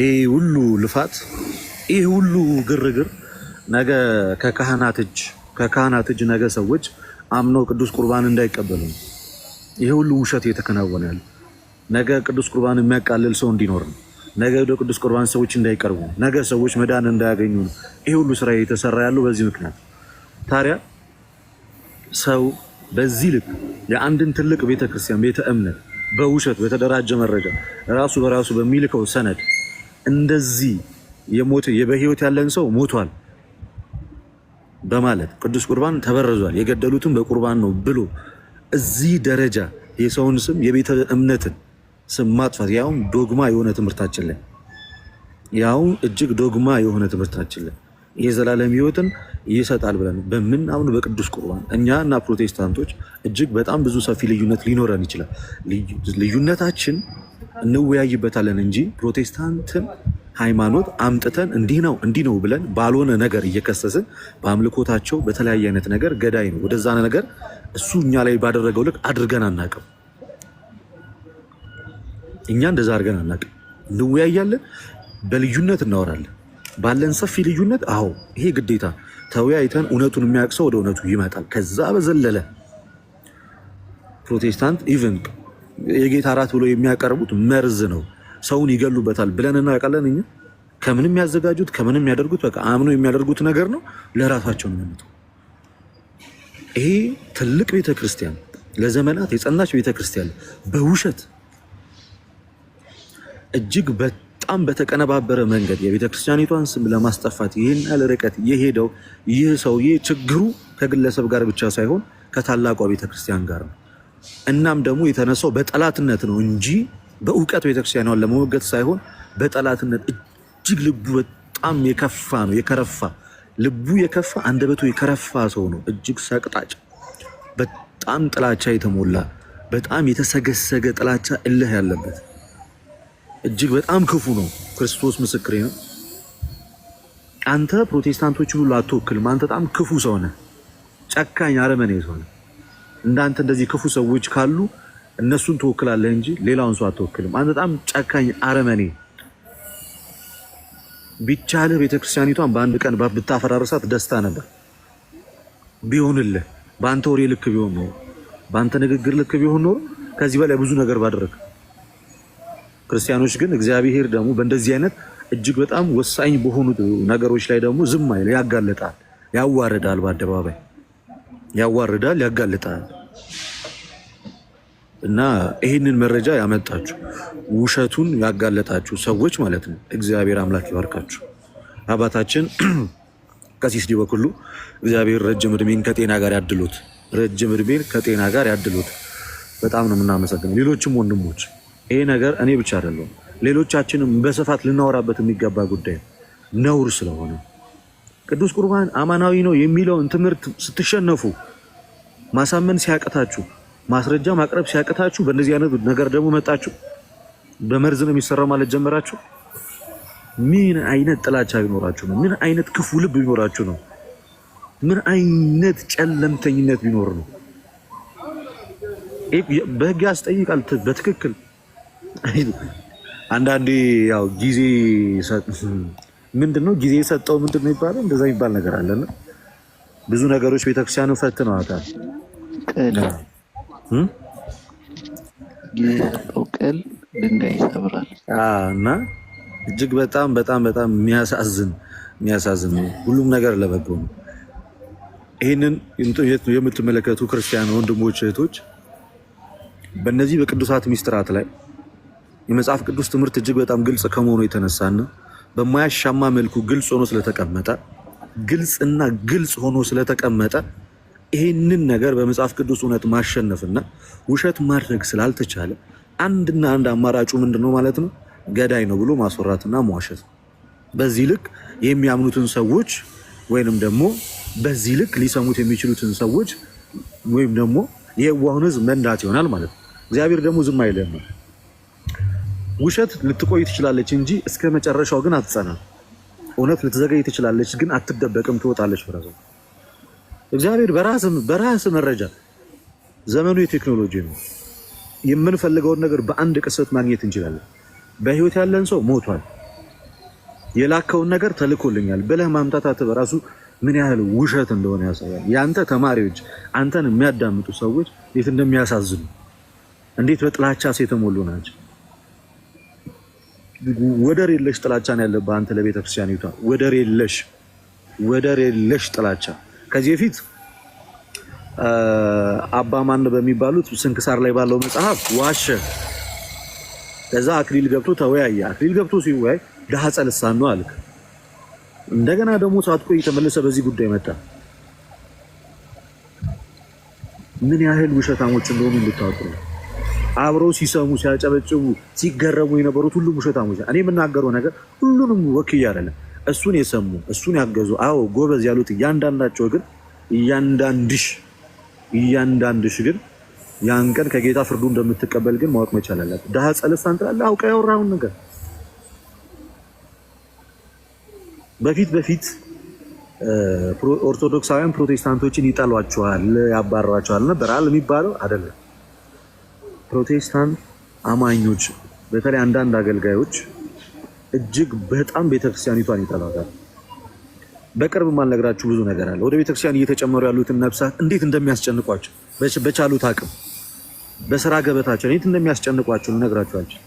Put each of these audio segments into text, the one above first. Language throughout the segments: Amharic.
ይህ ሁሉ ልፋት፣ ይህ ሁሉ ግርግር ነገ ከካህናት እጅ ከካህናት እጅ ነገ ሰዎች አምኖ ቅዱስ ቁርባን እንዳይቀበሉ ይህ ሁሉ ውሸት የተከናወነ ያለ ነገ ቅዱስ ቁርባን የሚያቃልል ሰው እንዲኖር ነው። ነገ ወደ ቅዱስ ቁርባን ሰዎች እንዳይቀርቡ፣ ነገ ሰዎች መዳን እንዳያገኙ ነው ይህ ሁሉ ስራ የተሰራ ያለው በዚህ ምክንያት። ታዲያ ሰው በዚህ ልክ የአንድን ትልቅ ቤተክርስቲያን ቤተ እምነት በውሸት በተደራጀ መረጃ ራሱ በራሱ በሚልከው ሰነድ እንደዚህ የሞተ በህይወት ያለን ሰው ሞቷል በማለት ቅዱስ ቁርባን ተበረዟል፣ የገደሉትም በቁርባን ነው ብሎ እዚህ ደረጃ የሰውን ስም የቤተ እምነትን ስም ማጥፋት ያውም ዶግማ የሆነ ትምህርታችን ላይ ያውም እጅግ ዶግማ የሆነ ትምህርታችን ላይ የዘላለም ህይወትን ይሰጣል ብለን በምናምኑ በቅዱስ ቁርባን እኛ እና ፕሮቴስታንቶች እጅግ በጣም ብዙ ሰፊ ልዩነት ሊኖረን ይችላል። ልዩነታችን እንወያይበታለን እንጂ ፕሮቴስታንትን ሃይማኖት አምጥተን እንዲህ ነው እንዲህ ነው ብለን ባልሆነ ነገር እየከሰስን በአምልኮታቸው በተለያየ አይነት ነገር ገዳይ ነው ወደዛ ነገር እሱ እኛ ላይ ባደረገው ልክ አድርገን አናቅም። እኛ እንደዛ አድርገን አናቅም። እንወያያለን፣ በልዩነት እናወራለን። ባለን ሰፊ ልዩነት አዎ፣ ይሄ ግዴታ ተወያይተን እውነቱን የሚያውቅ ሰው ወደ እውነቱ ይመጣል። ከዛ በዘለለ ፕሮቴስታንት ኢቨን የጌታ እራት ብሎ የሚያቀርቡት መርዝ ነው። ሰውን ይገሉበታል ብለን እናውቃለን እኛ። ከምንም ያዘጋጁት ከምንም የሚያደርጉት በቃ አምኖ የሚያደርጉት ነገር ነው። ለራሳቸው ነው የሚመጡ። ይሄ ትልቅ ቤተክርስቲያን ለዘመናት የጸናች ቤተክርስቲያን በውሸት እጅግ በጣም በተቀነባበረ መንገድ የቤተክርስቲያኒቷን ስም ለማስጠፋት ይህን ያህል ርቀት የሄደው ይህ ሰውዬ ችግሩ ከግለሰብ ጋር ብቻ ሳይሆን ከታላቋ ቤተክርስቲያን ጋር ነው። እናም ደግሞ የተነሳው በጠላትነት ነው እንጂ በእውቀት ቤተክርስቲያኗን ለመወገት ሳይሆን በጠላትነት እጅግ ልቡ በጣም የከፋ ነው የከረፋ ልቡ የከፋ አንደበቱ የከረፋ ሰው ነው። እጅግ ሰቅጣጭ፣ በጣም ጥላቻ የተሞላ በጣም የተሰገሰገ ጥላቻ እልህ ያለበት እጅግ በጣም ክፉ ነው። ክርስቶስ ምስክሬ ነው። አንተ ፕሮቴስታንቶች ሁሉ አትወክልም። አንተ በጣም ክፉ ሰው ነህ፣ ጨካኝ አረመኔ ሰው ነህ። እንዳንተ እንደዚህ ክፉ ሰዎች ካሉ እነሱን ትወክላለህ እንጂ ሌላውን ሰው አትወክልም። አንተ በጣም ጨካኝ አረመኔ። ቢቻልህ ቤተክርስቲያኒቷን በአንድ ቀን ብታፈራርሳት ደስታ ነበር ቢሆንልህ በአንተ ወሬ ልክ ቢሆን ኖሮ በአንተ ንግግር ልክ ቢሆን ኖሮ ከዚህ በላይ ብዙ ነገር ባደረግ። ክርስቲያኖች ግን እግዚአብሔር ደግሞ በእንደዚህ አይነት እጅግ በጣም ወሳኝ በሆኑ ነገሮች ላይ ደግሞ ዝም አይል፣ ያጋለጣል፣ ያዋረዳል በአደባባይ ያዋርዳል፣ ያጋልጣል። እና ይህንን መረጃ ያመጣችሁ ውሸቱን ያጋለጣችሁ ሰዎች ማለት ነው እግዚአብሔር አምላክ ይባርካችሁ። አባታችን ቀሲስ ዲበኩሉ እግዚአብሔር ረጅም እድሜን ከጤና ጋር ያድሉት፣ ረጅም እድሜን ከጤና ጋር ያድሉት። በጣም ነው የምናመሰግነው። ሌሎችም ወንድሞች ይሄ ነገር እኔ ብቻ አይደለም ሌሎቻችንም በስፋት ልናወራበት የሚገባ ጉዳይ ነውር ስለሆነ ቅዱስ ቁርባን አማናዊ ነው የሚለውን ትምህርት ስትሸነፉ፣ ማሳመን ሲያቅታችሁ፣ ማስረጃ ማቅረብ ሲያቅታችሁ፣ በእንደዚህ አይነት ነገር ደግሞ መጣችሁ በመርዝ ነው የሚሰራው ማለት ጀመራችሁ። ምን አይነት ጥላቻ ቢኖራችሁ ነው? ምን አይነት ክፉ ልብ ቢኖራችሁ ነው? ምን አይነት ጨለምተኝነት ቢኖር ነው? በህግ ያስጠይቃል። በትክክል አንዳንዴ ያው ጊዜ ምንድነው ጊዜ የሰጠው ምንድነው ይባላል፣ እንደዛ የሚባል ነገር አለና ብዙ ነገሮች ቤተክርስቲያኑ ፈትነዋታል። ቅል ድንጋይ ይሰብራል እና እጅግ በጣም በጣም በጣም የሚያሳዝን የሚያሳዝን ሁሉም ነገር ለበጎ ነው። ይህንን የምትመለከቱ ክርስቲያን ወንድሞች እህቶች፣ በእነዚህ በቅዱሳት ሚስጥራት ላይ የመጽሐፍ ቅዱስ ትምህርት እጅግ በጣም ግልጽ ከመሆኑ የተነሳና በማያሻማ መልኩ ግልጽ ሆኖ ስለተቀመጠ ግልጽና ግልጽ ሆኖ ስለተቀመጠ ይህንን ነገር በመጽሐፍ ቅዱስ እውነት ማሸነፍና ውሸት ማድረግ ስላልተቻለ አንድና አንድ አማራጩ ምንድን ነው ማለት ነው? ገዳይ ነው ብሎ ማስወራትና መዋሸት። በዚህ ልክ የሚያምኑትን ሰዎች ወይንም ደግሞ በዚህ ልክ ሊሰሙት የሚችሉትን ሰዎች ወይም ደግሞ የዋሁን ህዝብ መንዳት ይሆናል ማለት ነው። እግዚአብሔር ደግሞ ዝም ነው። ውሸት ልትቆይ ትችላለች እንጂ እስከ መጨረሻው ግን አትጸናም። እውነት ልትዘገይ ትችላለች ግን አትደበቅም፣ ትወጣለች። ብራዘ እግዚአብሔር በራስ መረጃ ዘመኑ የቴክኖሎጂ ነው። የምንፈልገውን ነገር በአንድ ቅጽበት ማግኘት እንችላለን። በህይወት ያለን ሰው ሞቷል። የላከውን ነገር ተልኮልኛል ብለህ ማምጣታት በራሱ ምን ያህል ውሸት እንደሆነ ያሳያል። የአንተ ተማሪዎች፣ አንተን የሚያዳምጡ ሰዎች እንዴት እንደሚያሳዝኑ፣ እንዴት በጥላቻ የተሞሉ ናቸው። ወደር የለሽ ጥላቻን ያለብህ አንተ ለቤተክርስቲያኒቷ ወደር የለሽ ወደር የለሽ ጥላቻ። ከዚህ በፊት አባ ማን በሚባሉት ስንክሳር ላይ ባለው መጽሐፍ ዋሸ። ከዛ አክሊል ገብቶ ተወያየ። አክሊል ገብቶ ሲወያይ ድሃ ጸልሳን ነው አልክ። እንደገና ደግሞ ሳትቆይ የተመለሰ በዚህ ጉዳይ መጣ። ምን ያህል ውሸታሞች እንደሆኑ እንድታውቁ ነው። አብረው ሲሰሙ ሲያጨበጭቡ ሲገረሙ የነበሩት ሁሉም ውሸታሞች። እኔ የምናገረው ነገር ሁሉንም ወክዬ አይደለም። እሱን የሰሙ እሱን ያገዙ አዎ ጎበዝ ያሉት እያንዳንዳቸው ግን እያንዳንድሽ እያንዳንድሽ ግን ያን ቀን ከጌታ ፍርዱ እንደምትቀበል ግን ማወቅ መቻል አለ። ድሀ ጸለስ አንጥላለ አውቀ ያወራውን ነገር በፊት በፊት ኦርቶዶክሳውያን ፕሮቴስታንቶችን ይጠሏቸዋል፣ ያባረሯቸዋል ነበር አለ የሚባለው አይደለም። ፕሮቴስታንት አማኞች በተለይ አንዳንድ አገልጋዮች እጅግ በጣም ቤተክርስቲያኒቷን ይጠላታል። በቅርብ ማልነግራችሁ ብዙ ነገር አለ። ወደ ቤተክርስቲያን እየተጨመሩ ያሉትን ነፍሳት እንዴት እንደሚያስጨንቋቸው በቻሉት አቅም በስራ ገበታቸው እንዴት እንደሚያስጨንቋቸው ልነግራችኋቸው።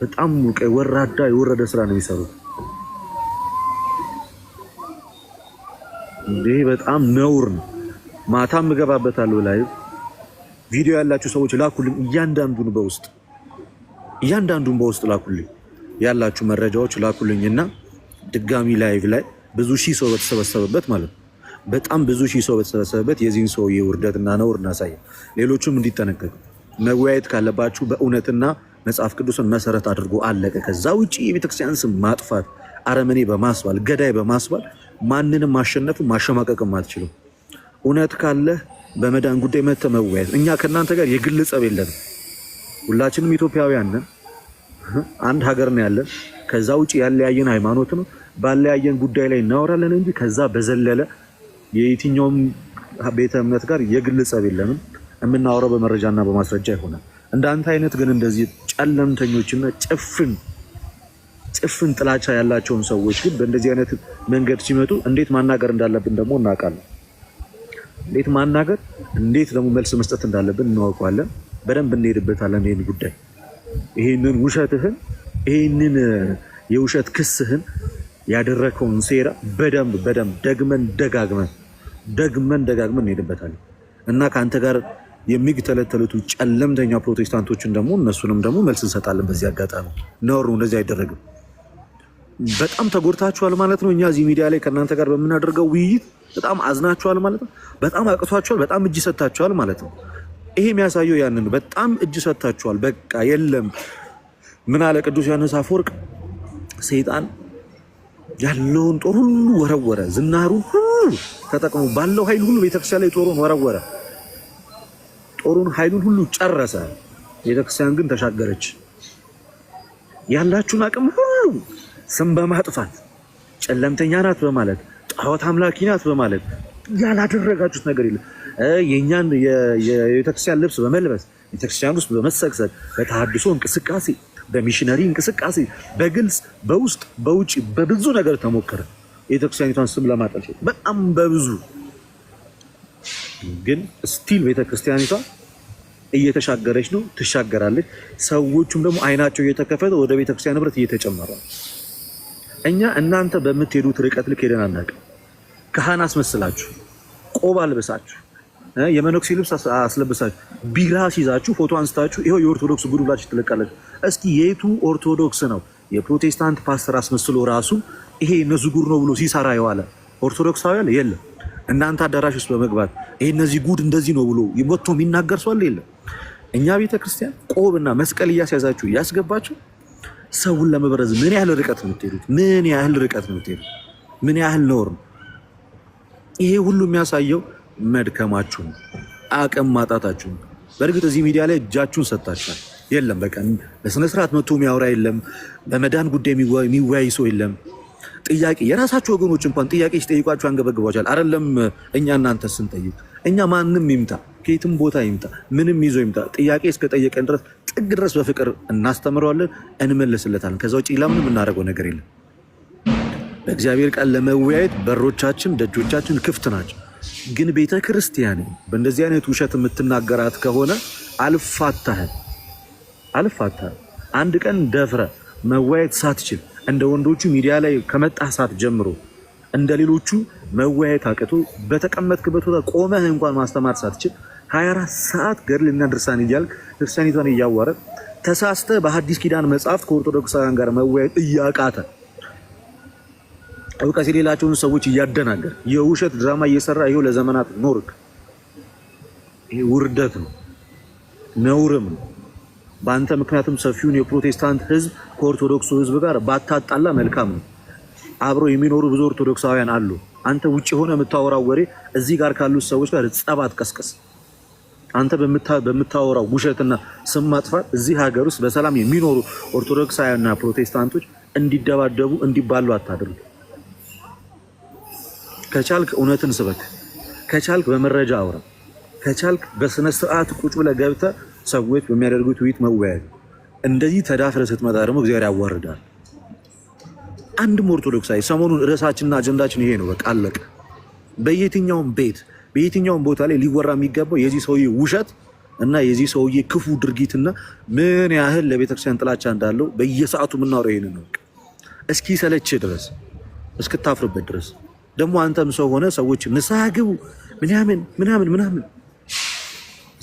በጣም ሙቀ ወራዳ የወረደ ስራ ነው የሚሰሩት። እንዲህ በጣም ነውር ነው። ማታም እገባበታለሁ ላይ ቪዲዮ ያላችሁ ሰዎች ላኩልኝ። እያንዳንዱን በውስጥ እያንዳንዱን በውስጥ ላኩልኝ፣ ያላችሁ መረጃዎች ላኩልኝ እና ድጋሚ ላይቭ ላይ ብዙ ሺህ ሰው በተሰበሰበበት ማለት ነው በጣም ብዙ ሺህ ሰው በተሰበሰበበት የዚህን ሰውዬ ውርደትና ነውር እናሳየ፣ ሌሎቹም እንዲጠነቀቁ መወያየት ካለባችሁ በእውነትና መጽሐፍ ቅዱስን መሰረት አድርጎ አለቀ። ከዛ ውጭ የቤተክርስቲያን ስም ማጥፋት፣ አረመኔ በማስባል ገዳይ በማስባል ማንንም ማሸነፍ ማሸማቀቅም አትችልም። እውነት ካለህ በመዳን ጉዳይ መተ መወያየት። እኛ ከእናንተ ጋር የግል ጸብ የለንም። ሁላችንም ኢትዮጵያውያን ነን። አንድ ሀገር ነው ያለን። ከዛ ውጭ ያለያየን ሃይማኖት ነው። ባለያየን ጉዳይ ላይ እናወራለን እንጂ ከዛ በዘለለ የየትኛውም ቤተ እምነት ጋር የግል ጸብ የለንም። የምናወራው በመረጃና በማስረጃ ይሆናል። እንዳንተ አይነት ግን እንደዚህ ጨለምተኞችና ጭፍን ጭፍን ጥላቻ ያላቸውን ሰዎች ግን በእንደዚህ አይነት መንገድ ሲመጡ እንዴት ማናገር እንዳለብን ደግሞ እናውቃለን። እንዴት ማናገር፣ እንዴት ደግሞ መልስ መስጠት እንዳለብን እናውቀዋለን። በደንብ እንሄድበታለን ይህን ጉዳይ። ይህንን ውሸትህን ይህንን የውሸት ክስህን ያደረከውን ሴራ በደንብ በደንብ ደግመን ደጋግመን ደግመን ደጋግመን እንሄድበታለን እና ከአንተ ጋር የሚተለተሉት ጨለምተኛ ፕሮቴስታንቶችን ደግሞ እነሱንም ደግሞ መልስ እንሰጣለን። በዚህ አጋጣሚ ነውር ነው፣ እንደዚህ አይደረግም። በጣም ተጎድታችኋል ማለት ነው። እኛ እዚህ ሚዲያ ላይ ከእናንተ ጋር በምናደርገው ውይይት በጣም አዝናችኋል ማለት ነው። በጣም አቅቷችኋል፣ በጣም እጅ ሰጥታችኋል ማለት ነው። ይሄ የሚያሳየው ያንን በጣም እጅ ሰጥታችኋል። በቃ የለም ምን አለ ቅዱስ ዮሐንስ አፈወርቅ ሰይጣን ያለውን ጦር ሁሉ ወረወረ፣ ዝናሩን ሁሉ ተጠቅሞ ባለው ኃይል ሁሉ ቤተክርስቲያን ላይ ጦሩን ወረወረ። ጦሩን ኃይሉን ሁሉ ጨረሰ። ቤተክርስቲያን ግን ተሻገረች። ያላችሁን አቅም ሁሉ ስም በማጥፋት ጨለምተኛ ናት በማለት ጣዖት አምላኪ ናት በማለት ያላደረጋችሁት ነገር የለም። የእኛን የቤተክርስቲያን ልብስ በመልበስ ቤተክርስቲያን ውስጥ በመሰግሰግ በተሃድሶ እንቅስቃሴ በሚሽነሪ እንቅስቃሴ በግልጽ በውስጥ በውጭ በብዙ ነገር ተሞከረ የቤተክርስቲያኒቷን ስም ለማጠልሸት በጣም በብዙ ግን ስቲል ቤተክርስቲያኒቷ እየተሻገረች ነው፣ ትሻገራለች። ሰዎቹም ደግሞ አይናቸው እየተከፈተ ወደ ቤተክርስቲያን ንብረት እየተጨመረ ነው። እኛ እናንተ በምትሄዱት ርቀት ልክ ሄደን አናውቅም። ካህን አስመስላችሁ፣ ቆብ አልበሳችሁ፣ የመነኩሴ ልብስ አስለብሳችሁ፣ ቢራ ሲይዛችሁ፣ ፎቶ አንስታችሁ ይኸው የኦርቶዶክስ ጉድ ብላችሁ እስኪ የቱ ኦርቶዶክስ ነው የፕሮቴስታንት ፓስተር አስመስሎ ራሱ ይሄ እነዚህ ጉድ ነው ብሎ ሲሰራ የዋለ ኦርቶዶክሳዊ ያለ የለም። እናንተ አዳራሽ ውስጥ በመግባት ይሄ እነዚህ ጉድ እንደዚህ ነው ብሎ ወጥቶ የሚናገር ሰው የለም። እኛ ቤተክርስቲያን ቆብና መስቀል እያስያዛችሁ እያስገባችሁ ሰውን ለመበረዝ ምን ያህል ርቀት ነው የምትሄዱት? ምን ያህል ርቀት ነው የምትሄዱት? ምን ያህል ኖር ነው ይሄ ሁሉ የሚያሳየው? መድከማችሁ ነው፣ አቅም ማጣታችሁ ነው። በእርግጥ እዚህ ሚዲያ ላይ እጃችሁን ሰጥታችኋል። የለም በቃ በስነስርዓት መቶ የሚያወራ የለም፣ በመዳን ጉዳይ የሚወያይ ሰው የለም። ጥያቄ የራሳቸው ወገኖች እንኳን ጥያቄ ሲጠይቋቸው አንገበግቧቸዋል። አይደለም እኛ እናንተ ስንጠይቅ እኛ ማንም ይምጣ ከየትም ቦታ ይምጣ ምንም ይዞ ይምጣ ጥያቄ እስከጠየቀን ድረስ ጥግ ድረስ በፍቅር እናስተምረዋለን፣ እንመለስለታለን። ከዛ ውጭ ለምንም እናደርገው ነገር የለም። በእግዚአብሔር ቃል ለመወያየት በሮቻችን ደጆቻችን ክፍት ናቸው። ግን ቤተ ክርስቲያን በእንደዚህ አይነት ውሸት የምትናገራት ከሆነ አልፋታህም፣ አልፋታህም። አንድ ቀን ደፍረ መወያየት ሳትችል እንደ ወንዶቹ ሚዲያ ላይ ከመጣህ ሰዓት ጀምሮ እንደ ሌሎቹ መወያየት አቅቶ በተቀመጥክበት ቦታ ቆመህ እንኳን ማስተማር ሳትችል 24 ሰዓት ገድልና ድርሳን እያልክ ድርሳኒቷን እያዋረ ተሳስተ በሐዲስ ኪዳን መጽሐፍት ከኦርቶዶክሳውያን ጋር መወያየት እያቃተ እውቀት የሌላቸውን ሰዎች እያደናገር የውሸት ድራማ እየሰራ ይኸው ለዘመናት ኖርክ። ይሄ ውርደት ነው፣ ነውርም ነው። በአንተ ምክንያትም ሰፊውን የፕሮቴስታንት ህዝብ ከኦርቶዶክሱ ህዝብ ጋር ባታጣላ መልካም ነው። አብረው የሚኖሩ ብዙ ኦርቶዶክሳውያን አሉ። አንተ ውጭ ሆነ የምታወራው ወሬ እዚህ ጋር ካሉት ሰዎች ጋር ጸብ አትቀስቀስ። አንተ በምታወራው ውሸትና ስም ማጥፋት እዚህ ሀገር ውስጥ በሰላም የሚኖሩ ኦርቶዶክሳውያንና ፕሮቴስታንቶች እንዲደባደቡ እንዲባሉ አታድርግ። ከቻልክ እውነትን ስበክ። ከቻልክ በመረጃ አውራ። ከቻልክ በስነ ስርዓት ቁጭ ብለህ ገብተህ ሰዎች በሚያደርጉት ውይይት መወያየት። እንደዚህ ተዳፍረ ስትመጣ ደግሞ እግዚአብሔር ያዋርዳል። አንድም ኦርቶዶክሳዊ ሰሞኑን ርዕሳችንና አጀንዳችን ይሄ ነው። በቃ አለቀ። በየትኛውም ቤት በየትኛውም ቦታ ላይ ሊወራ የሚገባው የዚህ ሰውዬ ውሸት እና የዚህ ሰውዬ ክፉ ድርጊትና ምን ያህል ለቤተክርስቲያን ጥላቻ እንዳለው በየሰዓቱ የምናወራው ይሄንን ነው። እስኪ ሰለች ድረስ እስክታፍርበት ድረስ ደግሞ አንተም ሰው ሆነ ሰዎች ንስሐ ግቡ ምናምን ምናምን ምናምን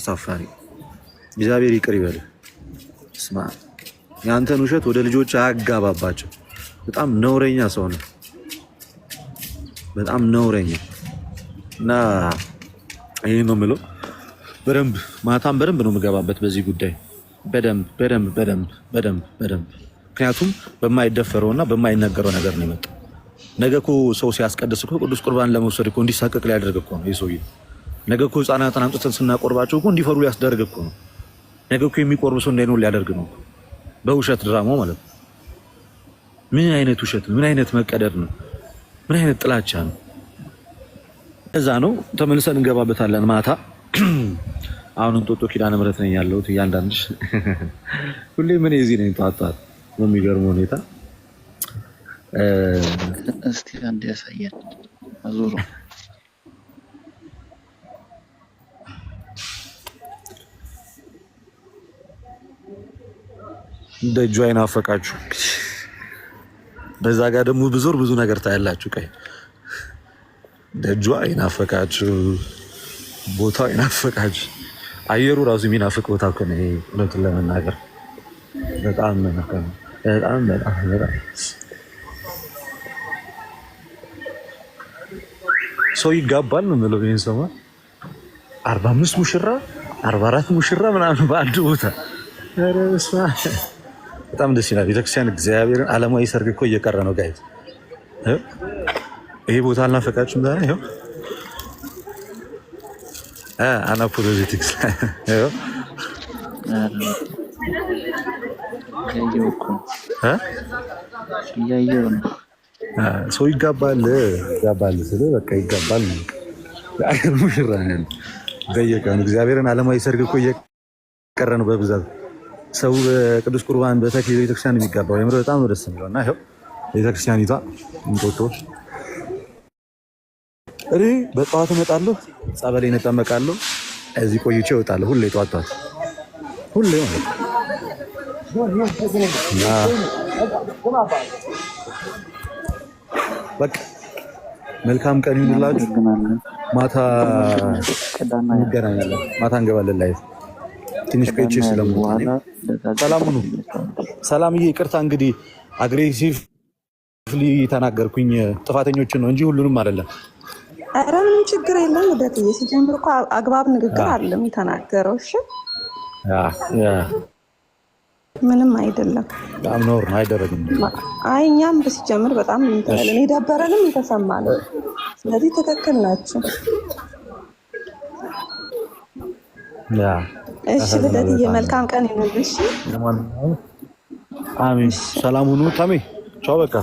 አሳፋሪ እግዚአብሔር ይቅር ይበል። ስማ የአንተን ውሸት ወደ ልጆች አያጋባባቸው። በጣም ነውረኛ ሰው ነው። በጣም ነውረኛ እና ይህ ነው የምለው። በደንብ ማታም በደንብ ነው የምገባበት በዚህ ጉዳይ በደንብ በደንብ በደንብ በደንብ በደንብ ምክንያቱም በማይደፈረውና በማይነገረው ነገር ነው የመጣው። ነገ እኮ ሰው ሲያስቀድስ እኮ ቅዱስ ቁርባን ለመውሰድ እኮ እንዲሳቀቅ ሊያደርግ እኮ ነው ይህ ሰውዬ። ነገ እኮ ህፃናትን አምጥተን ስናቆርባቸው እኮ እንዲፈሩ ሊያስደርግ እኮ ነው። ነገ እኮ የሚቆርብ ሰው እንዳይኖር ሊያደርግ ነው። በውሸት ድራማ ማለት ነው። ምን አይነት ውሸት ነው? ምን አይነት መቀደር ነው? ምን አይነት ጥላቻ ነው? እዛ ነው ተመልሰን እንገባበታለን። ማታ አሁን እንጦጦ ኪዳነ ምሕረት ነኝ ያለሁት። እያንዳንድሽ ሁሌ ምን የዚህ ነኝ ጠዋት በሚገርም ሁኔታ እስቲ አንድ ያሳየን አዙሮ ደጁ አይናፈቃችሁ። በዛ ጋር ደግሞ ብዙር ብዙ ነገር ታያላችሁ። ቀይ ደጇ አይናፈቃችሁ፣ ቦታው አይናፈቃችሁ። አየሩ ራሱ የሚናፍቅ ቦታ እኮ ነው። እውነቱን ለመናገር በጣም በጣም በጣም ሰው ይጋባል ነው የምለው። ይህን ሰማ አርባ አምስት ሙሽራ አርባ አራት ሙሽራ ምናምን በአንድ ቦታ በጣም ደስ ይላል። ቤተክርስቲያን እግዚአብሔርን አለማዊ ሰርግ እኮ እየቀረ ነው ጋይ። ይሄ ቦታ አልናፈቃችሁም? ዛ ይኸው አናፖሎዜቲክስ ሰው ይጋባል ይጋባል ስለ በቃ ይጋባል ሙሽራ በየቀኑ እግዚአብሔርን አለማዊ ሰርግ እኮ እየቀረ ነው በብዛት ሰው በቅዱስ ቁርባን በተክሊል ቤተክርስቲያን የሚጋባው የምር በጣም ነው ደስ የሚለው እና ይኸው ቤተክርስቲያኒቷ እንጦጦ እኔ በጠዋት እመጣለሁ፣ ጸበሌን እጠመቃለሁ። እዚህ ቆይቼ እወጣለሁ። ሁሌ ጠዋት ጠዋት ሁሌ በቃ መልካም ቀን ይሁንላችሁ። ማታ እንገናኛለን። ማታ እንገባለን ላይ ትንሽ ቆይቼ ስለሞት ሰላም ሁኑ። ሰላምዬ ይቅርታ እንግዲህ አግሬሲቭ ተናገርኩኝ ጥፋተኞችን ነው እንጂ ሁሉንም አይደለም። ኧረ ምንም ችግር የለም። ልደትዬ ሲጀምር እኮ አግባብ ንግግር አለም የተናገረው። እሺ ምንም አይደለም። በጣም ኖር አይደረግም። አይ እኛም ሲጀምር በጣም የደበረንም የተሰማ ነው። ስለዚህ ትክክል ናቸው። እሺ ልደትዬ፣ መልካም ቀን ይሁንልሽ። አሜን። ሰላም ሁኑ። ተሜ ቻው። በቃ